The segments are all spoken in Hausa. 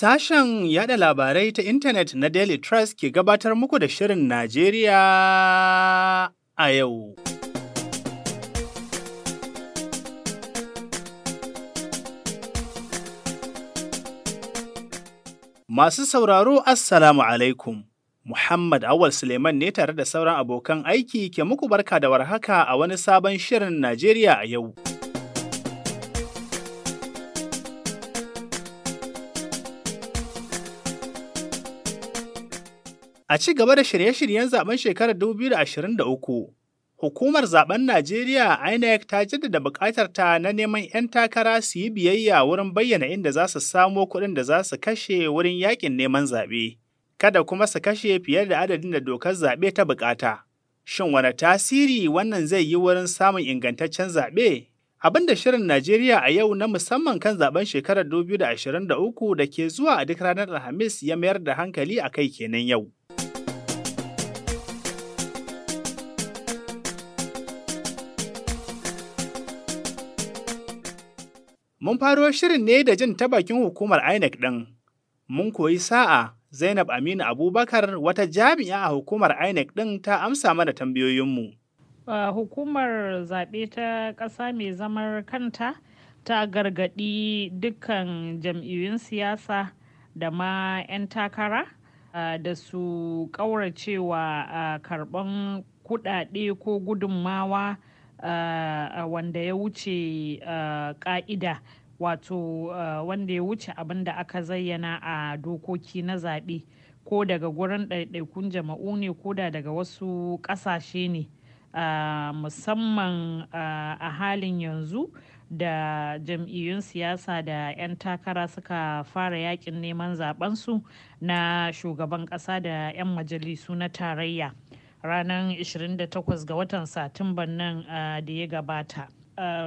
Sashen yada labarai ta intanet na Daily Trust ke gabatar muku da Shirin Najeriya a yau. Masu sauraro Assalamu alaikum. Muhammad Awal Suleiman ne tare da sauran abokan aiki ke muku barka da warhaka a wani sabon Shirin Najeriya a yau. A ci gaba da shirye-shiryen zaben shekarar 2023, Hukumar Zaben Najeriya INEC ta jaddada buƙatar ta na neman 'yan takara su yi biyayya wurin bayyana inda za su samo kuɗin da za su kashe wurin yakin neman zaɓe, kada kuma su kashe fiye da adadin da dokar zaɓe ta buƙata. Shin wane tasiri wannan zai yi wurin samun ingantaccen zaɓe? Abin da Shirin Najeriya a yau na musamman kan zaben shekarar 2023 da ke zuwa a duk ranar Alhamis ya mayar da hankali a kai kenan yau. Mun faro shirin ne da jin ta hukumar INEC ɗin. Mun koyi sa'a Zainab Aminu Abubakar wata jami'a a hukumar INEC ɗin ta amsa mana tambayoyinmu. hukumar zaɓe ta ƙasa mai zamar kanta ta gargaɗi dukkan jam'iyyun siyasa da ma 'yan takara da su ƙauracewa karɓan kuɗaɗe ko gudunmawa wanda ya wuce ƙa'ida wato wanda ya wuce abin da aka zayyana a dokoki na zaɓe ko daga gurin ɗaiɗaikun jama'u ne ko da daga wasu ƙasashe ne. uh, musamman uh, a halin yanzu da jam'iyyun siyasa da 'yan takara suka fara yakin neman zabensu na shugaban kasa da 'yan majalisu na tarayya ranar 28 ga watan satumban nan da ya gabata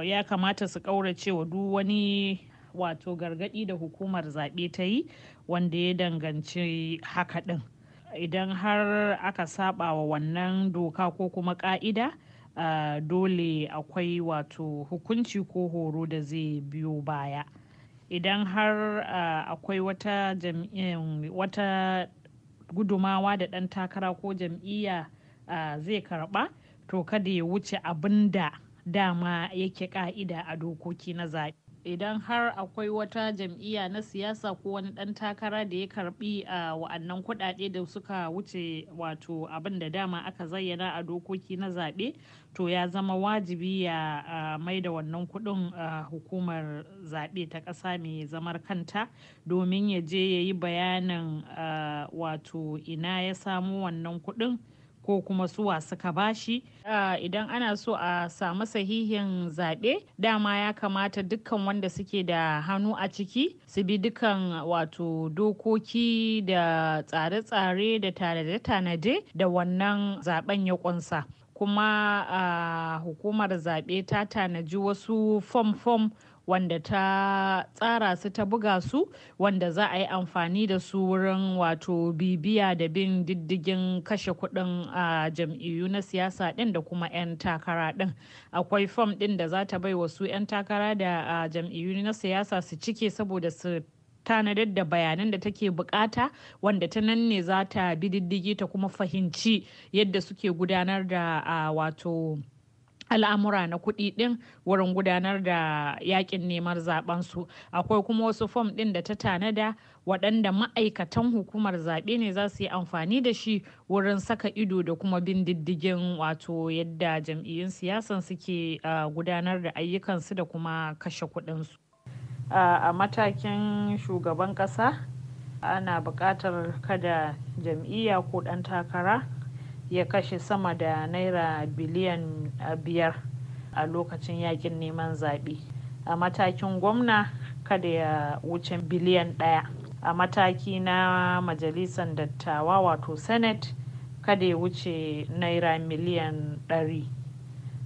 ya kamata su kaurace wa duk wani wato gargadi da hukumar zaɓe ta yi wanda ya danganci haka ɗin. idan har aka saba wa wannan doka ko kuma ka'ida ah, dole akwai wato hukunci ko horo da zai biyo baya idan har ah, akwai wata, gudumawa da ɗan takara ko jam'iyya ah, zai karɓa to kada ya wuce abin da dama yake ka'ida a dokoki na zaɓe idan har akwai wata jam'iyya na siyasa ko wani ɗan takara da ya karbi a wa'annan kuɗaɗe da suka wuce wato abin da dama aka zayyana a dokoki na zaɓe to ya zama wajibi ya mai da wannan kuɗin hukumar zaɓe ta ƙasa mai zamar kanta domin ya je ya yi bayanin wato ina ya samu wannan kuɗin. ko kuma suwa suka bashi ah, idan ana so a samu sahihin zaɓe dama ya kamata dukkan wanda suke da hannu a ciki su bi dukkan wato dokoki da tsare-tsare da tanade-tanade da wannan zaben ya kunsa kuma ah, hukumar zaɓe ta tanaji wasu fom-fom wanda ta tsara su ta buga su wanda za a yi amfani da su wurin wato bibiya da bin diddigin kashe kudin a jam'iyyu na siyasa ɗin da kuma 'yan takara ɗin akwai fom ɗin da za ta bai wasu 'yan takara da jam'iyyu na siyasa su cike saboda su tanadar da bayanan da take bukata wanda ta nan ne za ta bi diddigi ta kuma fahimci yadda suke gudanar da wato al'amura na kuɗi ɗin wurin gudanar da yakin neman su akwai kuma wasu fom ɗin da ta tanada waɗanda ma'aikatan hukumar zaɓe ne za su yi amfani da shi wurin saka ido da kuma bin diddigin wato yadda jam'iyyun siyasan suke gudanar da ayyukansu da kuma kashe kuɗinsu a matakin shugaban ƙasa ana buƙatar kada jam'iyya ko ɗan takara ya kashe sama da naira biliyan biyar a lokacin yakin neman zaɓe a matakin gwamna kada ya wuce biliyan ɗaya a mataki na majalisar dattawa wato senate kada ya wuce naira miliyan ɗari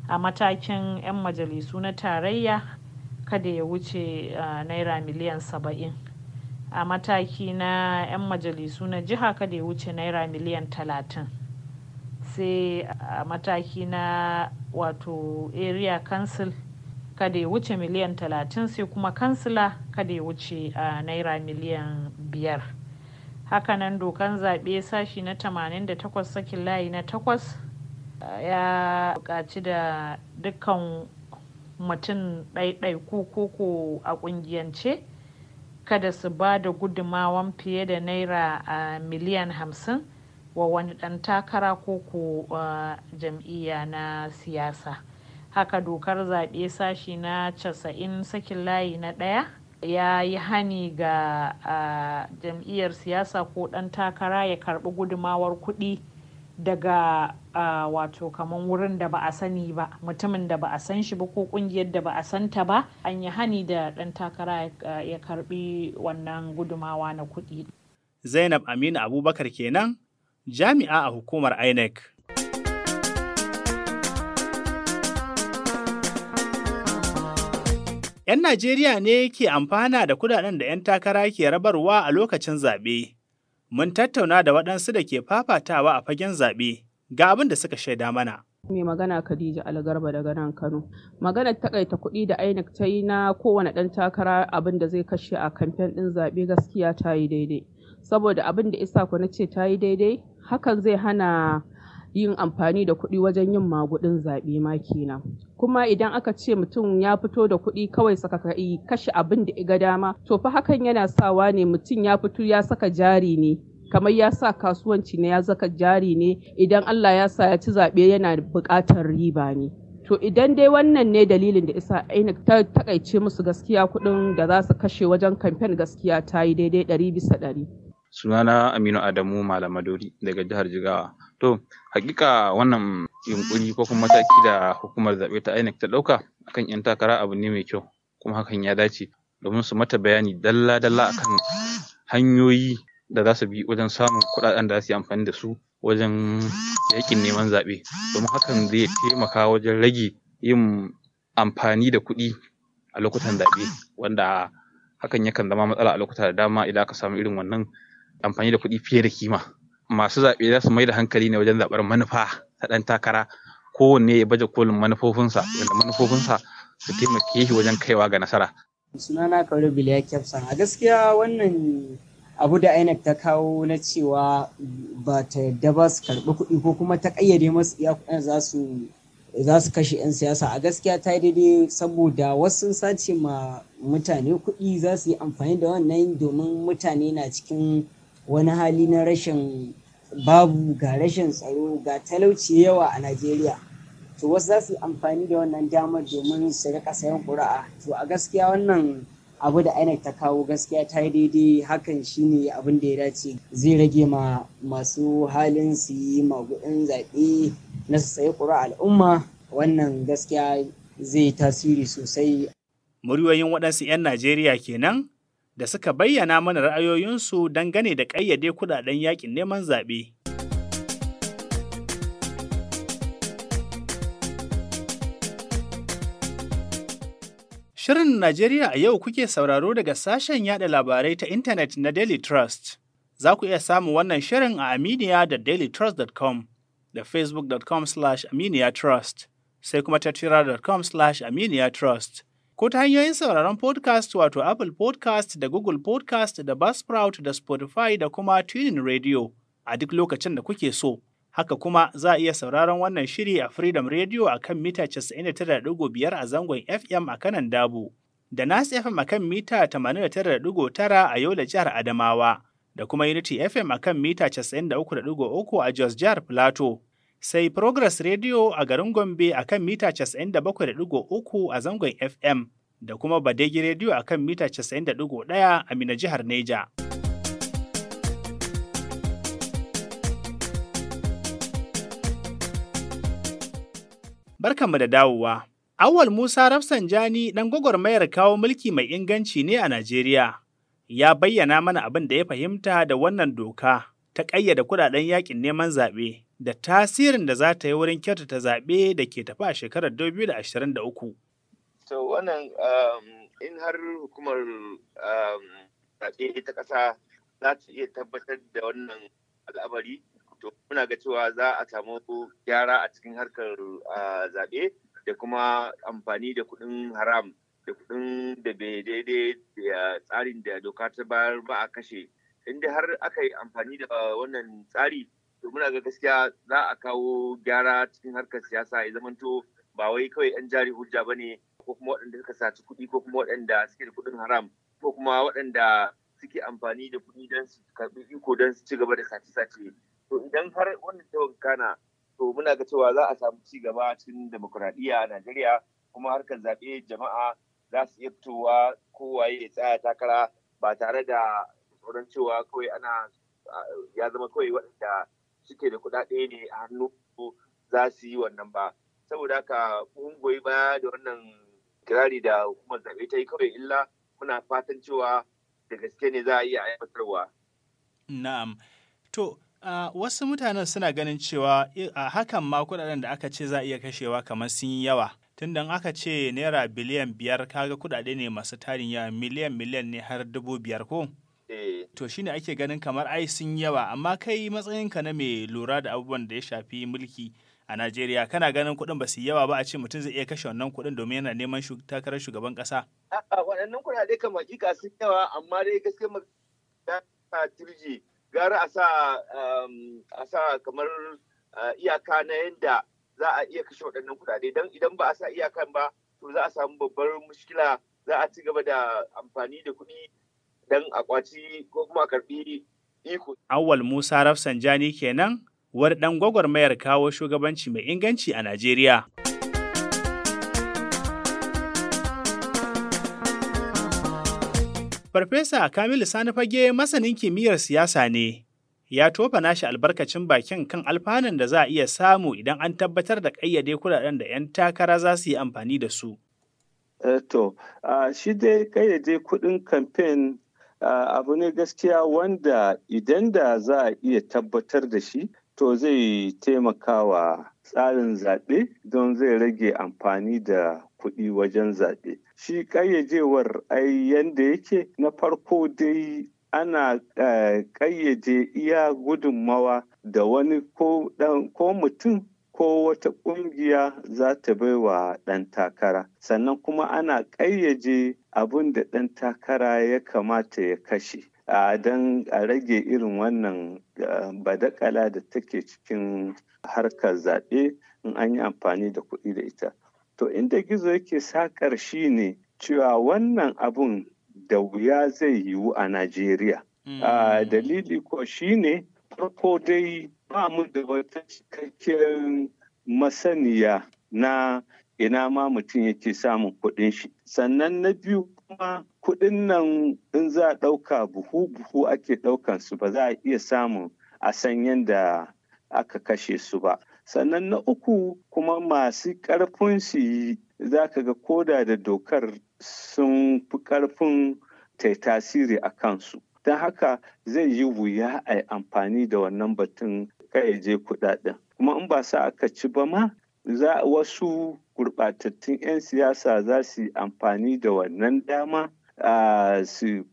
a matakin 'yan majalisu na tarayya kada ya wuce naira miliyan saba'in a mataki na 'yan majalisu na jiha kada ya wuce naira miliyan talatin sai a mataki na wato area council kada ya wuce miliyan talatin sai kuma kansila kada ya wuce a naira miliyan biyar hakanan dokan zaɓe sashi na 88 sakin layi na 8 ya buƙaci da dukkan mutum ɗaiɗaiku koko a ƙungiyance kada su ba da gudumawan fiye da naira a miliyan hamsin wa wani ɗan takara ko ko jam'iyya na siyasa haka dokar zaɓe sashi na casa'in sakin layi na ɗaya ya yi hani ga jam'iyyar siyasa ko ɗan takara ya karɓi gudumawar kuɗi daga wato kamar wurin da ba a sani ba mutumin da ba a san shi ba ko ƙungiyar da ba a santa ba an yi hani da ɗan takara ya karɓi wannan gudumawa na kuɗi. Zainab Aminu Abubakar kenan jami'a a hukumar INEC. ‘Yan Najeriya ne ke amfana da kudaden da ‘yan takara ke rabarwa a lokacin zaɓe. Mun tattauna da waɗansu da ke fafatawa a fagen zaɓe ga abin da suka shaida mana. mai magana Khadija Algarba daga nan Kano. Maganar takaita kuɗi da INEC ta yi na kowane ɗan takara abin da zai kashe a kamfen ɗin zaɓe gaskiya ta yi daidai. Saboda abin da isa ku na ce ta yi daidai hakan zai hana yin amfani da kuɗi wajen yin magudin zaɓe ma kenan kuma idan aka ce mutum ya fito da kuɗi kawai sakakai kashe abin da ga dama to fa hakan yana sawa ne mutum ya fito ya saka jari ne kamar ya sa kasuwanci ne ya saka jari ne idan Allah ya sa ya ci zaɓe yana buƙatar riba ne to idan dai wannan ne dalilin da isa INEC ta takaice musu gaskiya kuɗin da za su kashe wajen kamfen gaskiya ta yi daidai ɗari bisa ɗari Sunana Aminu Adamu Malam Madori daga jihar Jigawa. To, hakika wannan yunkuri ko kuma mataki da hukumar zaɓe ta INEC ta ɗauka akan 'yan takara abu ne mai kyau kuma hakan ya dace domin su mata bayani dalla-dalla akan hanyoyi da za su bi wajen samun kuɗaɗen da za su yi amfani da su wajen yakin neman zaɓe domin hakan zai taimaka wajen rage yin amfani da kuɗi a lokutan zaɓe wanda hakan yakan zama matsala a lokuta da dama idan aka samu irin wannan amfani da kuɗi fiye da kima masu zaɓe za su mai da hankali ne wajen zaɓar manufa ta ɗan takara kowanne ya baje kolin manufofinsa wanda manufofinsa su taimake shi wajen kaiwa ga nasara. sunana kauri biliya kyafsan a gaskiya wannan abu da inec ta kawo na cewa ba ta yadda ba su karɓi kuɗi ko kuma ta ƙayyade masu iya kuɗin za su za su kashe 'yan siyasa a gaskiya ta yi daidai saboda wasu sace ma mutane kuɗi za su yi amfani da wannan domin mutane na cikin wani hali na rashin babu ga rashin tsaro ga talauci yawa a najeriya to wasu za su yi amfani da wannan damar domin su rika sayan ƙuri'a to a gaskiya wannan abu da inec ta kawo gaskiya ta yi daidai hakan shi ne abin da ya dace zai rage ma masu halin su yi magudin zaɓe na su sayi ƙura al'umma wannan gaskiya zai tasiri sosai muryoyin waɗansu 'yan najeriya kenan da suka bayyana mana ra'ayoyinsu dangane da ƙayyade kudaden yakin neman zaɓe. Shirin Najeriya a yau kuke sauraro daga sashen yada labarai ta intanet na Daily Trust. Za ku iya samun wannan shirin a Aminiya da dailytrust.com da facebook.com slash aminiya trust sai kuma tattira.com slash aminiya trust. ko ta hanyoyin sauraron podcast wato Apple podcast da Google podcast da Buzzsprout da Spotify da kuma Tuning Radio a duk lokacin da kuke so. Haka kuma za a iya sauraron wannan shiri a Freedom Radio a kan mita 99.5 a zangon FM a kanan Dabo, da Nas FM a kan mita 89.9 a Yola jihar Adamawa, da kuma Unity FM a kan mita 93.3 a Jos jihar Plateau. sai Progress Radio a garin Gombe a kan mita 97.3 a zangon FM da kuma Badegi Radio a kan mita 91 a Mina jihar Neja. Barkanmu da dawowa. Awal Musa Rafsanjani ɗan gwagwarmayar kawo mulki mai inganci ne a Najeriya. Ya bayyana mana abin da ya fahimta da wannan doka ta ƙayyada kuɗaɗen yakin neman zaɓe da tasirin da za ta yi wurin kyautata zaɓe da ke tafi a shekarar 2023. To wannan um, in har hukumar um, zaɓe ta ƙasa za ta iya tabbatar da wannan al'amari to muna ga cewa za a samu gyara a cikin harkar uh, zaɓe da kuma amfani da kuɗin haram da kuɗin da bai daidai da tsarin da doka ta bayar ba a kashe inda har aka yi amfani da uh, wannan tsari to muna ga gaskiya za a kawo gyara cikin harkar siyasa ya zamanto ba wai kawai 'yan jari hujja ba ne ko kuma waɗanda suka saci kuɗi ko kuma waɗanda suke da kuɗin haram ko kuma waɗanda suke amfani da kuɗi don su karɓi iko don su ci gaba da sace-sace to idan har wannan ta kana to muna ga cewa za a samu ci gaba cikin demokuraɗiyya a Najeriya kuma harkar zaɓe jama'a za su iya fitowa kowaye ya tsaya takara ba tare da tsoron cewa kawai ana ya zama kawai waɗanda suke da kuɗaɗe ne a hannu za su yi wannan ba saboda haka mun goyi baya da wannan kirari da hukumar zaɓe ta yi kawai illa muna fatan cewa da gaske ne za a iya aiwatarwa. Na'am. To, Uh, wasu mutanen suna ganin cewa a uh, hakan ma kudaden da aka ce za a iya kashewa kamar sun yi yawa tunda aka ce naira biliyan biyar kaga kudade ne masu tarin yawa miliyan miliyan ne har dubu biyar ko? Eh. To shi ne ake ganin kamar ai sun yawa amma kai matsayinka na mai lura da abubuwan da ya shafi mulki a Najeriya kana ganin kuɗin ba su yawa ba a ce mutum zai iya kashe wannan kuɗin domin yana neman takarar shugaban ƙasa. A'a waɗannan kuɗaɗe kan hakika sun yawa amma dai gaskiya ta turji gara a sa um, a sa kamar uh, iyaka na yadda za a iya kashe waɗannan kuɗaɗe don idan ba a sa iyakan ba to za a samu babbar mushkila za a ci gaba da amfani da kuɗi don a kwaci ko kuma karbi iko. Awal Musa Rafsanjani kenan wani ɗan gwagwarmayar kawo shugabanci mai inganci a Najeriya. Farfesa Kamilu Sani Fage masanin kimiyyar siyasa ne, ya tofa nashi albarkacin bakin kan alfanun da za a iya samu idan an tabbatar da ƙayyade kuɗaɗen da 'yan takara za su yi amfani da su. Eh, to, shi dai ƙayyade kuɗin kamfen abu ne gaskiya wanda idan da za a iya tabbatar da shi to zai taimakawa tsarin zaɓe don zai rage amfani da kuɗi wajen zaɓe. Shi ƙayyajewar ai yanda yake na farko dai ana ƙayyade iya gudunmawa da wani ko mutum ko wata ƙungiya za ta bai wa ɗan takara sannan kuma ana ƙayyaje abin da ɗan takara ya kamata ya kashe don a rage irin wannan badakala da take cikin harkar zaɓe in an yi amfani da kuɗi da ita to inda gizo yake sakar shi ne cewa wannan abun da wuya zai yiwu a najeriya mm. dalili ko shi ne farko dai ba mu da wata cikakken masaniya na ina ma mutum yake samun kuɗin shi. Sannan na biyu kuma kuɗin nan in za a ɗauka buhu-buhu ake ɗaukan su ba za a iya samun a san yadda aka kashe su ba. Sannan na uku kuma masu ƙarfin su yi za ka ga koda da dokar sun fi ƙarfin ta tasiri a kansu. Don haka zai yi wuya a yi amfani da wannan batun je kuɗaɗen kuma in ba sa aka ci ba ma za wasu gurɓatattun 'yan siyasa za su yi amfani da wannan dama su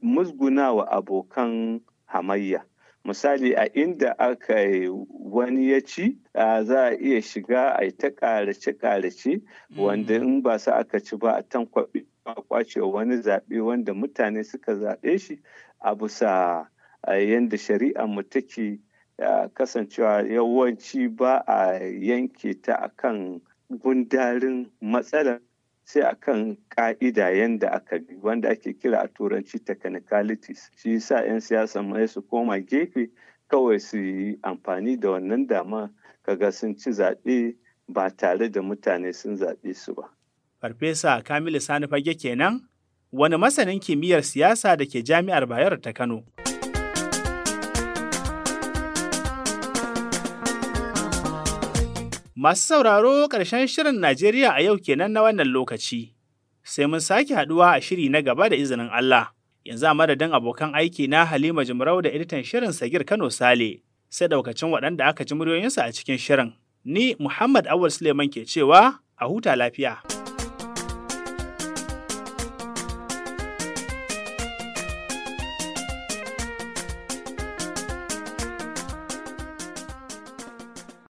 musguna wa abokan hamayya misali a inda aka yi wani ya ci za a iya shiga a ta ƙarace-ƙarace wanda mm. in ba sa aka ci ba a tankwaɓe a kwace wani zaɓe wanda mutane suka zaɓe shi a bisa yadda shari'a mu take kasancewa yawanci ba a yanke ta akan gundarin matsalar sai akan ka'ida yadda aka bi wanda ake kira a turanci technicalities shi sa 'yan siyasa mai su koma gefe kawai su yi amfani da wannan dama kaga sun ci zaɓe ba tare da mutane sun zaɓe su ba. Farfesa Kamilu Sani Fage kenan wani masanin kimiyyar siyasa da ke jami'ar Bayero ta Kano. Masu sauraro ƙarshen shirin Najeriya a yau kenan na wannan lokaci. Sai mun sake haɗuwa a shiri na gaba da izinin Allah. Yanzu a madadin abokan aiki na Halima Jimarau da editan shirin Sagir Kano Sale, sai ɗaukacin waɗanda aka ji muryoyinsu a cikin shirin. Ni Muhammad Awul Suleiman ke cewa a huta lafiya.